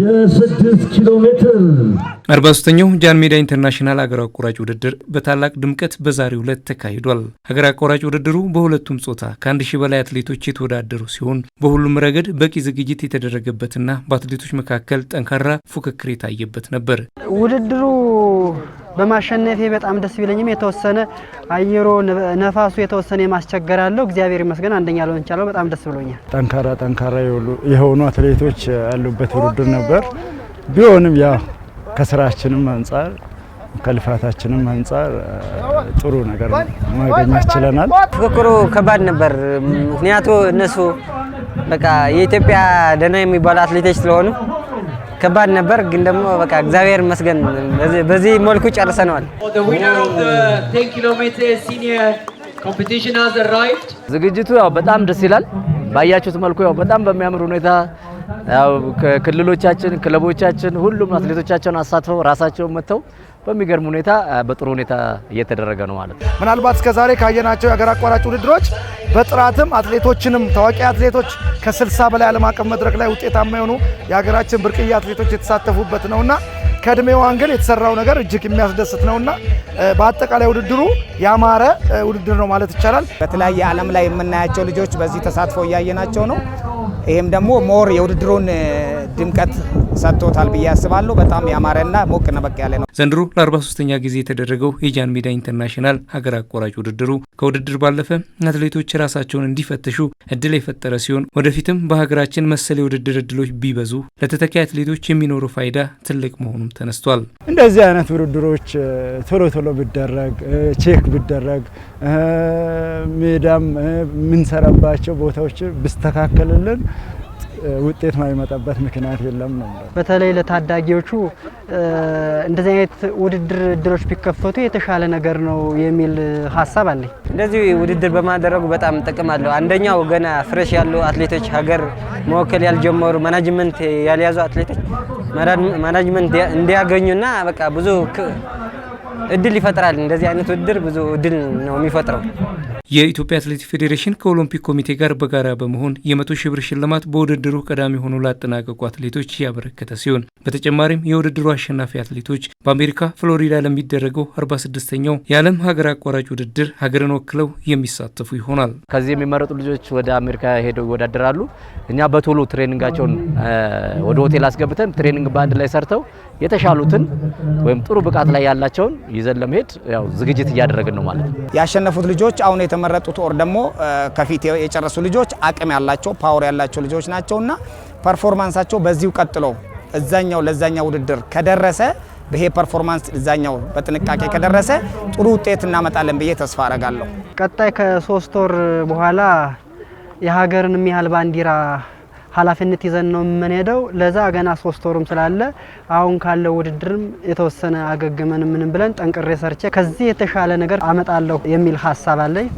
የስድስት ኪሎ ሜትር አርባ ሶስተኛው ጃን ሜዳ ኢንተርናሽናል ሀገር አቋራጭ ውድድር በታላቅ ድምቀት በዛሬው ዕለት ተካሂዷል። ሀገር አቋራጭ ውድድሩ በሁለቱም ጾታ ከአንድ ሺህ በላይ አትሌቶች የተወዳደሩ ሲሆን በሁሉም ረገድ በቂ ዝግጅት የተደረገበትና በአትሌቶች መካከል ጠንካራ ፉክክር የታየበት ነበር። ውድድሩ በማሸነፌ በጣም ደስ ቢለኝም የተወሰነ አየሮ ነፋሱ የተወሰነ የማስቸገራለሁ። እግዚአብሔር ይመስገን አንደኛ ልሆን ቻለሁ። በጣም ደስ ብሎኛል። ጠንካራ ጠንካራ የሆኑ አትሌቶች ያሉበት ውድድር ነበር። ቢሆንም ያው ከስራችንም አንጻር ከልፋታችንም አንጻር ጥሩ ነገር ማግኘት ችለናል። ፉክክሩ ከባድ ነበር። ምክንያቱ እነሱ በቃ የኢትዮጵያ ደህና የሚባሉ አትሌቶች ስለሆኑ ከባድ ነበር፣ ግን ደግሞ በቃ እግዚአብሔር ይመስገን በዚህ መልኩ ጨርሰነዋል። ዝግጅቱ ያው በጣም ደስ ይላል። ባያችሁት መልኩ ያው በጣም በሚያምር ሁኔታ ያው ክልሎቻችን፣ ክለቦቻችን ሁሉም አትሌቶቻቸውን አሳትፈው ራሳቸውን መጥተው በሚገርም ሁኔታ በጥሩ ሁኔታ እየተደረገ ነው ማለት ነው። ምናልባት እስከዛሬ ካየናቸው የሀገር አቋራጭ ውድድሮች በጥራትም አትሌቶችንም ታዋቂ አትሌቶች ከ60 በላይ ዓለም አቀፍ መድረክ ላይ ውጤታማ የሆኑ የሀገራችን ብርቅዬ አትሌቶች የተሳተፉበት ነውና ከእድሜው አንግል የተሰራው ነገር እጅግ የሚያስደስት ነውና በአጠቃላይ ውድድሩ ያማረ ውድድር ነው ማለት ይቻላል። በተለያየ ዓለም ላይ የምናያቸው ልጆች በዚህ ተሳትፎ እያየናቸው ነው። ይህም ደግሞ ሞር የውድድሩን ድምቀት ሰጥቶታል ብዬ አስባለሁ። በጣም ያማረና ሞቅ ነበቅ ያለ ነው። ዘንድሮ ለ43ኛ ጊዜ የተደረገው የጃን ሜዳ ኢንተርናሽናል ሀገር አቋራጭ ውድድሩ ከውድድር ባለፈ አትሌቶች ራሳቸውን እንዲፈትሹ እድል የፈጠረ ሲሆን ወደፊትም በሀገራችን መሰል የውድድር እድሎች ቢበዙ ለተተኪ አትሌቶች የሚኖሩ ፋይዳ ትልቅ መሆኑም ተነስቷል። እንደዚህ አይነት ውድድሮች ቶሎ ቶሎ ብደረግ ቼክ ብደረግ ሜዳም የምንሰራባቸው ቦታዎች ብስተካከልልን ውጤት ማይመጣበት ምክንያት የለም ነው። በተለይ ለታዳጊዎቹ እንደዚህ አይነት ውድድር እድሎች ቢከፈቱ የተሻለ ነገር ነው የሚል ሀሳብ አለ። እንደዚህ ውድድር በማደረጉ በጣም ጥቅም አለው። አንደኛው ገና ፍሬሽ ያሉ አትሌቶች፣ ሀገር መወከል ያልጀመሩ፣ ማናጅመንት ያልያዙ አትሌቶች ማናጅመንት እንዲያገኙና በቃ ብዙ እድል ይፈጥራል። እንደዚህ አይነት ውድድር ብዙ እድል ነው የሚፈጥረው። የኢትዮጵያ አትሌቲክ ፌዴሬሽን ከኦሎምፒክ ኮሚቴ ጋር በጋራ በመሆን የመቶ ሺህ ብር ሽልማት በውድድሩ ቀዳሚ ሆኖ ላጠናቀቁ አትሌቶች ያበረከተ ሲሆን በተጨማሪም የውድድሩ አሸናፊ አትሌቶች በአሜሪካ ፍሎሪዳ ለሚደረገው አርባ ስድስተኛው የዓለም ሀገር አቋራጭ ውድድር ሀገርን ወክለው የሚሳተፉ ይሆናል። ከዚህ የሚመረጡ ልጆች ወደ አሜሪካ ሄደው ይወዳደራሉ። እኛ በቶሎ ትሬኒንጋቸውን ወደ ሆቴል አስገብተን ትሬኒንግ በአንድ ላይ ሰርተው የተሻሉትን ወይም ጥሩ ብቃት ላይ ያላቸውን ይዘን ለመሄድ ያው ዝግጅት እያደረግን ነው ማለት ነው። ያሸነፉት ልጆች አሁን የተመረጡት ኦር ደግሞ ከፊት የጨረሱ ልጆች አቅም ያላቸው ፓወር ያላቸው ልጆች ናቸውና ፐርፎርማንሳቸው በዚሁ ቀጥሎ እዛኛው ለዛኛው ውድድር ከደረሰ ይሄ ፐርፎርማንስ እዛኛው በጥንቃቄ ከደረሰ ጥሩ ውጤት እናመጣለን ብዬ ተስፋ አረጋለሁ። ቀጣይ ከሶስት ወር በኋላ የሀገርን ያህል ባንዲራ ኃላፊነት ይዘን ነው የምንሄደው። ለዛ ገና ሶስት ወሩም ስላለ አሁን ካለው ውድድርም የተወሰነ አገግመን ምንም ብለን ጠንቅሬ ሰርቼ ከዚህ የተሻለ ነገር አመጣለሁ የሚል ሀሳብ አለኝ።